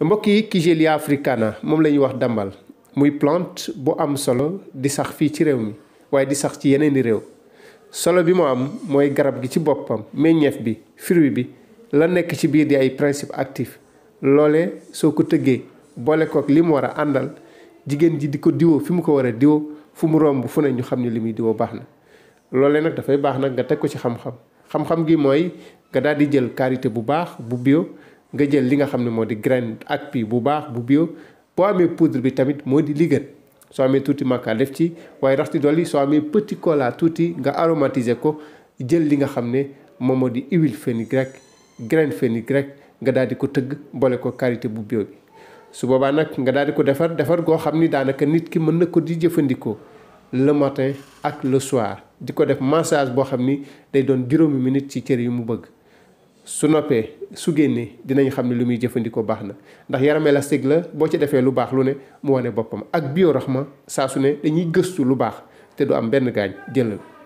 mbokk yi Kigelia africana moom la ñuy wax dambal muy plante bu am solo di sax fii ci réew mi waaye di sax ci yeneen i réew solo bi mu am mooy garab gi ci boppam meññeef bi fruit bi la nekk ci biir di ay principe actif loole soo ko tëggee boole kook li mu war a àndal jigéen ji di ko diwoo fi mu ko war diwoo fu mu romb fu ne ñu xam ne li muy diwoo baax na loolee nag dafay baax nag nga teg ko ci xam-xam xam-xam gi mooy nga daal di jël karité bu baax bu bio nga jël li nga xam ne moo di graine ak pi bu baax bu bio boo amee poudre bi tamit moo di li soo amee tuuti màkka def ci waaye rax ci dolli soo amee petit cola tuuti nga aromatiser ko jël li nga xam ne moom moo di rek fenugrec graine rek nga daal di ko tëgg boole ko karité bu bio bi. su boobaa nag nga daal di ko defar defar goo xam ni daanaka nit ki mën na ko di jëfandikoo la matin ak le soir di ko def massage boo xam ni day doon juróomi minute ci cër yu mu bëgg. su noppee su génnee dinañ xam ne lu muy jëfandikoo baax na ndax yaram élastique la boo ci defee lu baax lu ne mu wane boppam ak ma saa su ne dañuy gëstu lu baax te du am benn gaañ jëlal